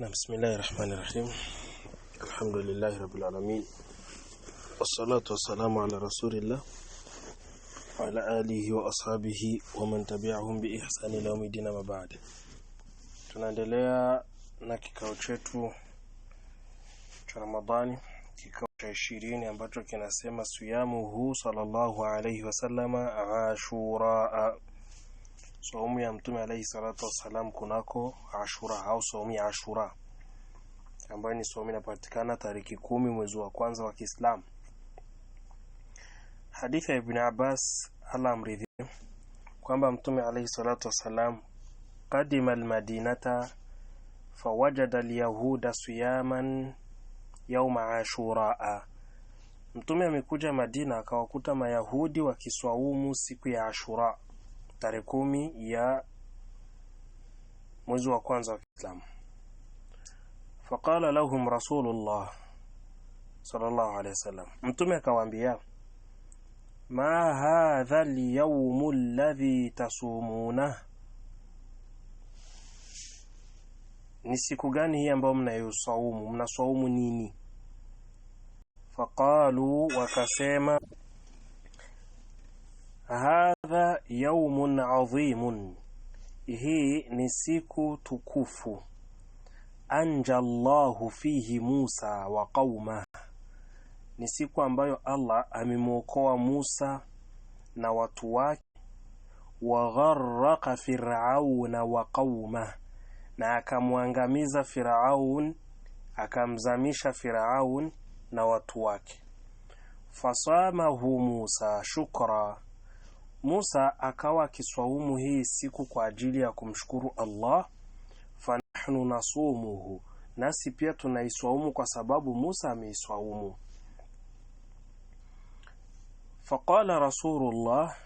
نعم بسم الله الرحمن الرحيم الحمد لله رب العالمين والصلاة والسلام على رسول الله وعلى آله وأصحابه ومن تبعهم بإحسان إلى يوم الدين ما بعد tunaendelea na kikao chetu cha Ramadhani kikao cha ishirini ambacho kinasema siyamu sallallahu alayhi wasallama ashura saumu ya mtume alayhi salatu wasalam kunako Ashura au saumu ya Ashura ambayo ni saumu inapatikana tariki kumi mwezi wa kwanza wa Kiislamu. Hadithi ya Ibn Abbas Allah amridhie kwamba mtume alayhi salatu wasalam qadima almadinata fawajada alyahuda siyaman yauma ashuraa, mtume amekuja Madina akawakuta mayahudi wakiswaumu siku ya Ashura tarehe kumi ya mwezi wa kwanza wa Kiislamu. Faqala lahum Rasulullah sallallahu alayhi wasallam, mtume akawaambia ma hadha al-yawm alladhi tasumuna, ni siku gani hii ambayo mnayosaumu? Mnasaumu nini? Faqalu, wakasema Hadha yaumun adhimun, hii ni siku tukufu. Anja llahu fihi Musa wa qaumah, ni siku ambayo Allah amemwokoa Musa na watu wake. Wa Firauna wa qaumah, na akamwangamiza Firaun, akamzamisha Firaun na watu wake. Fasamahu Musa shukra Musa akawa akiswaumu hii siku kwa ajili ya kumshukuru Allah, fanahnu nasumuhu, nasi pia tunaiswaumu kwa sababu Musa ameiswaumu. Faqala Rasulullah,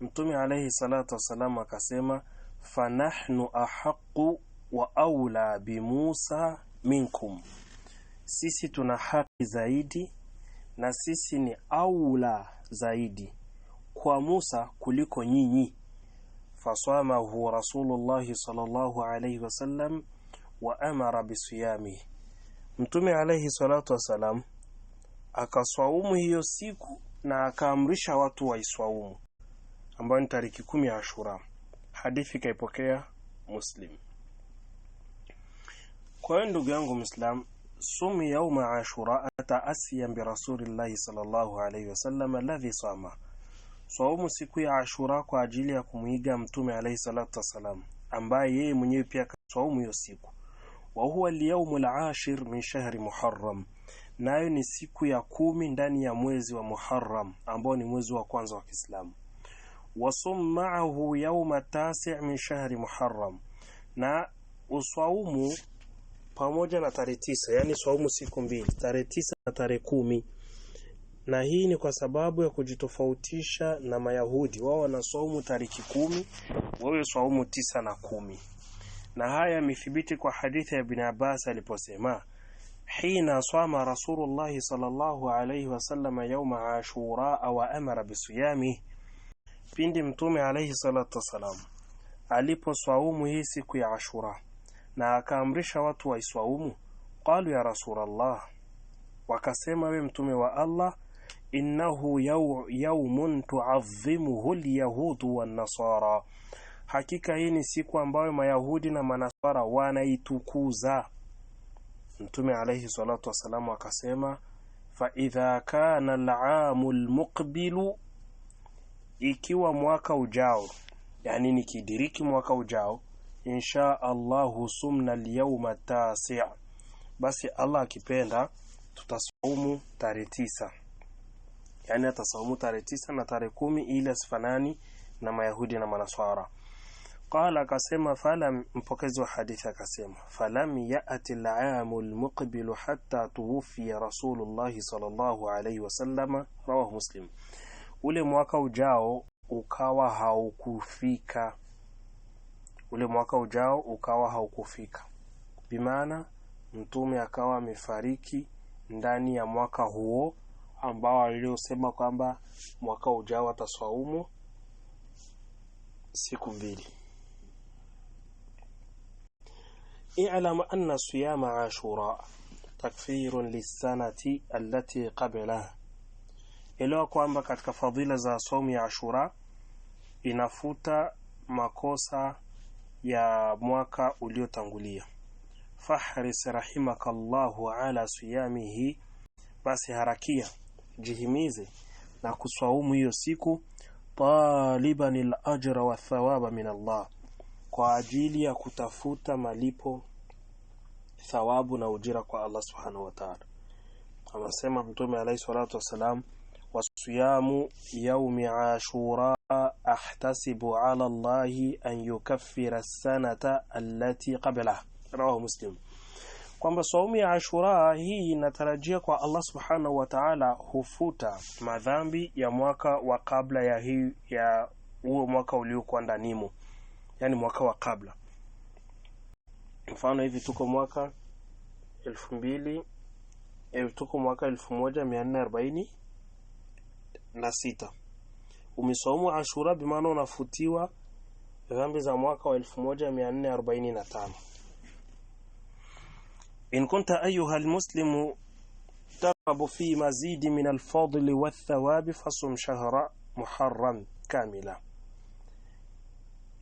Mtume alayhi salatu wassalam akasema, fanahnu ahaqu wa aula bimusa minkum, sisi tuna haki zaidi na sisi ni aula zaidi kwa Musa kuliko nyinyi faswamahu Rasulullah sallallahu alayhi wasallam wa amara bisiyami Mtume alayhi salatu wasalam akaswaumu hiyo siku na akaamrisha watu waiswaumu ambayo ni tariki kumi ya Ashura hadithi kaipokea Muslim kwa hiyo ndugu yangu Muislam sumu yauma Ashura ataasiya bi Rasulillahi sallallahu alayhi wasallam alladhi sama swaumu siku ya Ashura kwa ajili ya kumwiga Mtume alayhi salatu wassalam, ambaye yeye mwenyewe pia kaswaumu hiyo siku. Wa huwa lyaumu lashir min shahri muharam nayo ni siku ya kumi ndani ya mwezi wa muharam ambao ni mwezi wa kwanza wa Kiislamu. Wasum maahu yauma tasi' min shahri muharam na uswaumu pamoja na tarehe tisa, yani swaumu siku mbili, tarehe tisa na tarehe kumi na hii ni kwa sababu ya kujitofautisha na Mayahudi. Wao wanaswaumu tariki kumi, wewe swaumu tisa na kumi. Na haya yamethibiti kwa hadithi ya Ibn Abbas aliposema hina swama Rasulullah sallallahu alayhi wasallam yauma Ashura wa amara bisiyami, pindi Mtume alayhi salatu wasalam aliposwaumu hii siku ya Ashura na akaamrisha watu waiswaumu, qalu ya Rasulullah, wakasema we mtume wa Allah innahu yaumun tuadhimuhu lyahudu wannasara, hakika hii ni siku ambayo Mayahudi na Manasara wanaitukuza. Mtume alayhi salatu wassalamu akasema, fa idha kana alamu almuqbilu, ikiwa mwaka ujao, yani nikidiriki mwaka ujao, insha Allahu sumna alyawma tasi, basi Allah akipenda tutasumu tarehe tisa yani atasaumu tarehe tisa na tarehe kumi ili asifanani na mayahudi na manaswara qala akasema falam mpokezi wa hadithi akasema falam yati al-aamu al-muqbilu hatta tuwfiya rasulullah sallallahu alayhi wasallam rawahu muslim ule mwaka ujao ukawa haukufika ule mwaka ujao ukawa haukufika bimaana mtume akawa amefariki ndani ya mwaka huo ambao waliosema kwamba mwaka ujao wataswaumu siku mbili. I'lam anna siyama ashura takfirun lisanati allati qablaha, elewa kwamba katika fadhila za saumu ya Ashura inafuta makosa ya mwaka uliotangulia. Fahris rahimaka llahu ala siyamihi, basi harakia jihimize na kuswaumu hiyo siku taliban al-ajra wa thawaba min Allah kwa ajili ya kutafuta malipo thawabu na ujira kwa Allah subhanahu wa ta'ala anasema mtume alayhi salatu wasalam wasiyamu yaumi ashura ahtasibu ala Allah an yukaffira as-sanata allati qablahu rawahu muslim kwamba saumu ya Ashura hii inatarajia kwa Allah subhanahu wa taala hufuta madhambi ya mwaka wa kabla ya hii ya huo mwaka uliokuwa ndanimu, yani mwaka wa kabla. Mfano hivi tuko mwaka elfu mbili eh, tuko mwaka elfu moja na sita umesaumu Ashura, bimaana unafutiwa dhambi za mwaka wa 1445 إن كنت أيها المسلم ترغب في مزيد من الفضل والثواب فصم شهر محرم كاملا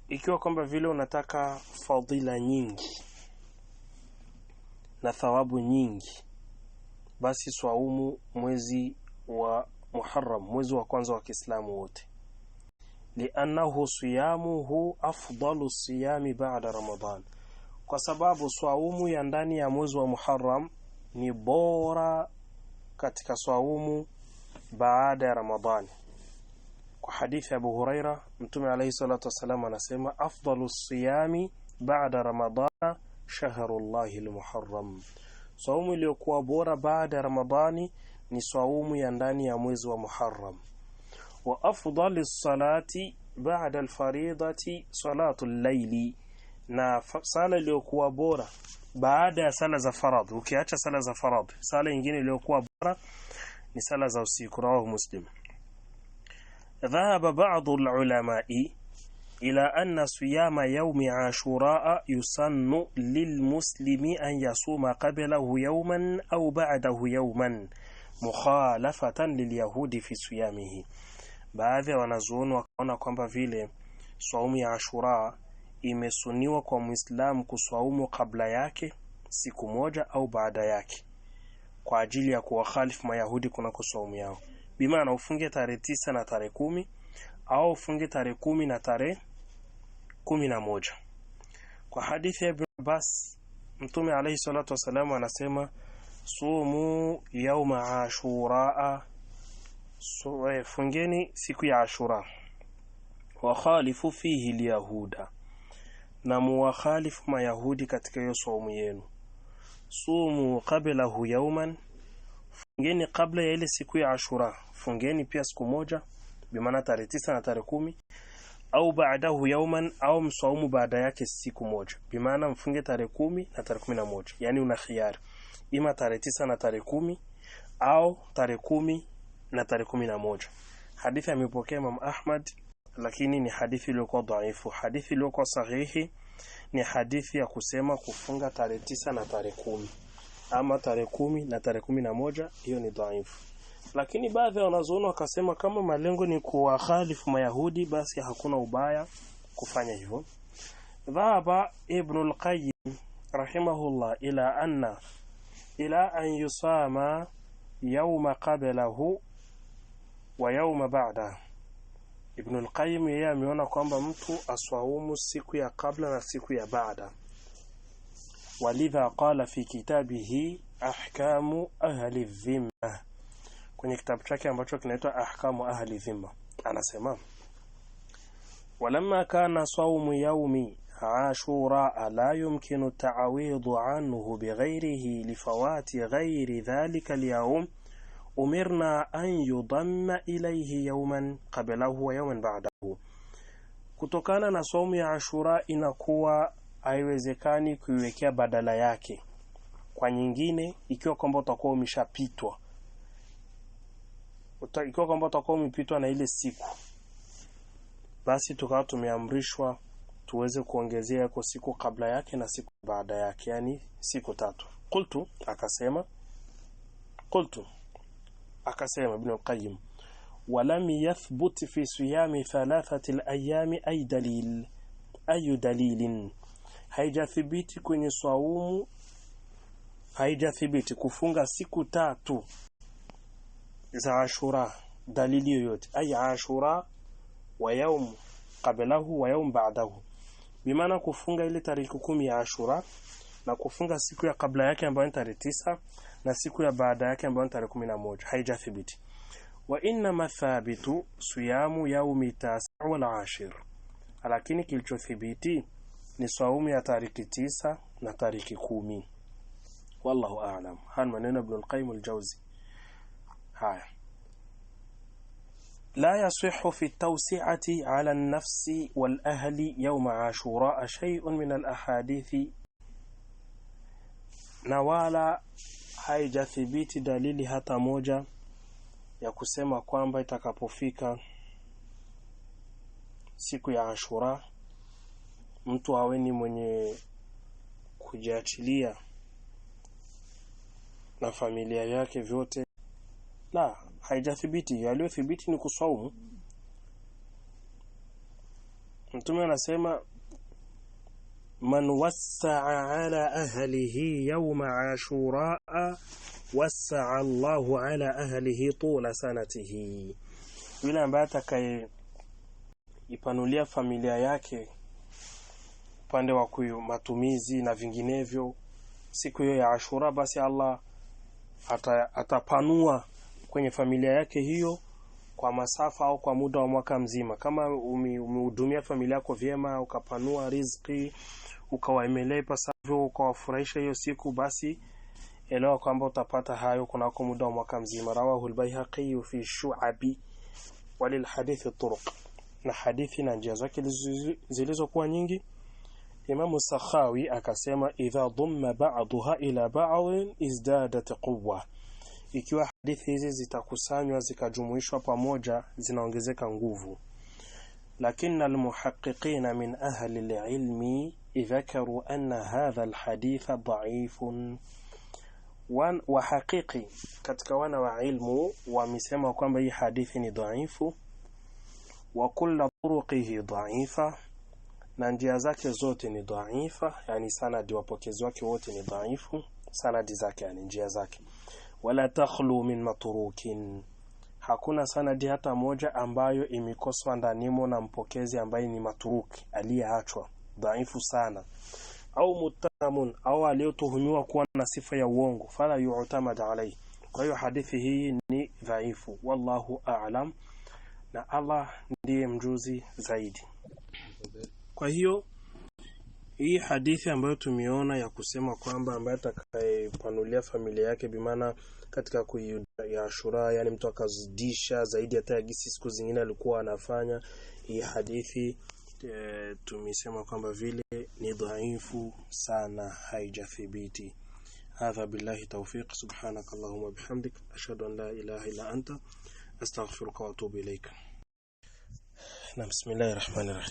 ikiwa kwamba vile unataka fadhila nyingi na thawabu nyingi basi swaumu mwezi wa Muharram mwezi wa kwanza wa Kiislamu wote li'annahu siyamuhu afdalu siyami ba'da Ramadan kwa sababu swaumu ya ndani ya mwezi wa Muharram ni bora katika swaumu baada ya Ramadhani. Kwa hadithi ya Abu Huraira, Mtume alayhi salatu wasallam anasema afdalu siyami baada Ramadhana shahrullahi almuharram, swaumu iliyokuwa bora baada ya Ramadhani ni swaumu ya ndani ya mwezi wa Muharram. Wa afdalu salati baada alfaridati salatu al na sala iliyokuwa bora baada ya sala za faradhi. Ukiacha sala za faradhi, sala nyingine iliyokuwa bora ni sala za usiku. Rawahu Muslim. Dhahaba ba'dhu al-ulama'i ila anna siyama yawmi ashura yusannu lilmuslimi an yasuma qablahu yawman aw ba'dahu yawman mukhalafatan lilyahudi fi siyamihi. Baadhi ya wanazuoni wakaona kwamba vile saumu ya Ashura imesuniwa kwa Muislamu kuswaumu kabla yake siku moja au baada yake kwa ajili ya kuwakhalifu Mayahudi kunako swaumu yao, bimaana ufunge tarehe tisa na tarehe kumi au ufunge tarehe kumi na tarehe kumi na moja. Kwa hadithi ya Ibn Abbas, Mtume alayhi salatu wasalamu anasema sumu yauma ashura, so, eh, fungeni siku ya Ashura, wakhalifu fihi lyahuda na muwakhalifu mayahudi katika hiyo saumu yenu sumu qablahu yauman fungeni kabla ya ile siku ya ashura fungeni pia siku moja bimaana tarehe 9 na tarehe kumi au baadahu yauman au msaumu baada yake siku moja bimaana mfunge tarehe kumi na tarehe kumi na moja yani una khiyari ima tarehe tisa na tarehe kumi au tarehe kumi na tarehe kumi na moja hadithi amepokea Imam Ahmad lakini ni hadithi iliyokuwa dhaifu. Hadithi iliyokuwa sahihi ni hadithi ya kusema kufunga tarehe tisa na tarehe kumi ama tarehe kumi na tarehe kumi na moja hiyo ni dhaifu. Lakini baadhi ya wanazuoni wakasema kama malengo ni kuwakhalifu Mayahudi, basi hakuna ubaya kufanya hivyo. Dhahaba Ibn al-Qayyim rahimahullah ila anna ila an yusama yawma qablahu wa yawma ba'dahu Ibn al Qayyim yeye ameona kwamba mtu aswaumu siku ya kabla na siku ya baada. Walidha qala fi kitabihi ahkamu ahli dhimma, kwenye kitabu chake ambacho kinaitwa ahkamu ahli dhimma anasema walamma kana sawmu yawmi ashura la yumkinu ta'awidu anhu bighayrihi lifawati ghayri dhalika al-yawm umirna an yudamma ilaihi yauman qablahu wa yauman ba'dahu, kutokana na saumu ya Ashura inakuwa haiwezekani kuiwekea badala yake kwa nyingine, ikiwa kwamba utakuwa umeshapitwa, ikiwa kwamba utakuwa umepitwa na ile siku, basi tukawa tumeamrishwa tuweze kuongezea kwa siku kabla yake na siku baada yake, yani siku tatu. Qultu, akasema qultu akasema Ibn al-Qayyim wa lam yathbut fi siyami thalathati al-ayami ay dalil ay dalil haijathibiti kwenye swaumu haijathibiti kufunga siku tatu za Ashura dalili yoyote ay Ashura wa yawm qablahu wa yawm ba'dahu bimaana kufunga ile tariki kumi ya Ashura na kufunga siku ya kabla yake ambayo ni tarehe tisa na siku ya baada yake ambayo ni tarehe 11 haijathibiti wa inna mathabitu siyamu yaumi tasa wal ashir lakini kilichothibiti ni saumu ya tariki tisa na tariki kumi wallahu a'lam han maneno ibn al-qayyim al-jawzi haya لا يصح في التوسعة على النفس والأهل يوم عاشوراء شيء من الأحاديث نوالا haijathibiti dalili hata moja ya kusema kwamba itakapofika siku ya Ashura mtu awe ni mwenye kujiachilia na familia yake vyote la haijathibiti yaliyothibiti ni kuswaumu mtume anasema man wassa'a ala ahlihi yawma ashura wassa'a Allahu ala ahlihi tula sanatihi, yule ambaye atakayeipanulia familia yake upande wa kuyo matumizi na vinginevyo siku hiyo ya Ashura, basi Allah ata, atapanua kwenye familia yake hiyo kwa masafa au kwa muda wa mwaka mzima. Kama umehudumia familia yako vyema, ukapanua riziki ukawaemelea ipasavyo, ukawafurahisha hiyo siku, basi elewa kwamba utapata hayo kunako muda wa mwaka mzima. Rawahu al-Baihaqi fi Shu'abi walil hadithi turuq, na hadithi na njia zake zilizokuwa nyingi. Imam Sakhawi akasema idha dhumma ba'daha ila bad izdadat quwwa, ikiwa hadithi hizi zitakusanywa zikajumuishwa pamoja zinaongezeka nguvu. لكن المحققين من أهل العلم ذكروا أن هذا الحديث ضعيف وحقيقي كتكوانا وعلم ومسيما وكما بي حديث ضعيف وكل طرقه ضعيفة نانجيا زاكي ضعيفة يعني سانا دي وبوكي زوكي ضعيف سانا دي زاكي يعني نجيا ولا تخلو من مطروكين hakuna sanadi hata moja ambayo imekoswa ndanimo na mpokezi ambaye ni maturuki aliyeachwa dhaifu sana au mutamun au aliyotuhumiwa kuwa na sifa ya uongo fala yu'tamad alayhi kwa hiyo hadithi hii ni dhaifu wallahu a'lam na Allah ndiye mjuzi zaidi kwa hiyo hii hadithi ambayo tumeona ya kusema kwamba ambaye atakayepanulia familia yake bimaana katika ya Ashura, yani mtu akazidisha zaidi hata gisi siku zingine alikuwa anafanya. Hii hadithi e, eh, tumesema kwamba vile ni dhaifu sana, haijathibiti. Hadha billahi tawfiq, subhanak allahumma bihamdik, ashhadu an la ilaha illa anta astaghfiruka wa atubu ilaik. Na bismillahir rahmanir rahim.